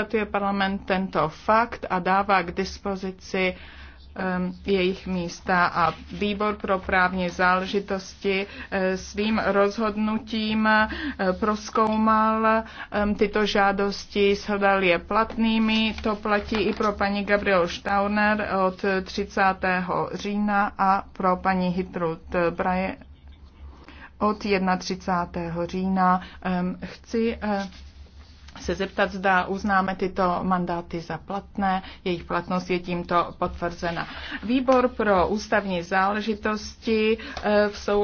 konstatuje parlament tento fakt a dává k dispozici um, jejich místa a výbor pro právní záležitosti uh, svým rozhodnutím uh, proskoumal um, tyto žádosti, shledal je platnými. To platí i pro paní Gabriel Stauner od 30. října a pro paní Hitrud Braje od 31. října. Um, chci uh, se zeptat, zda uznáme tyto mandáty za platné. Jejich platnost je tímto potvrzena. Výbor pro ústavní záležitosti eh, v souladu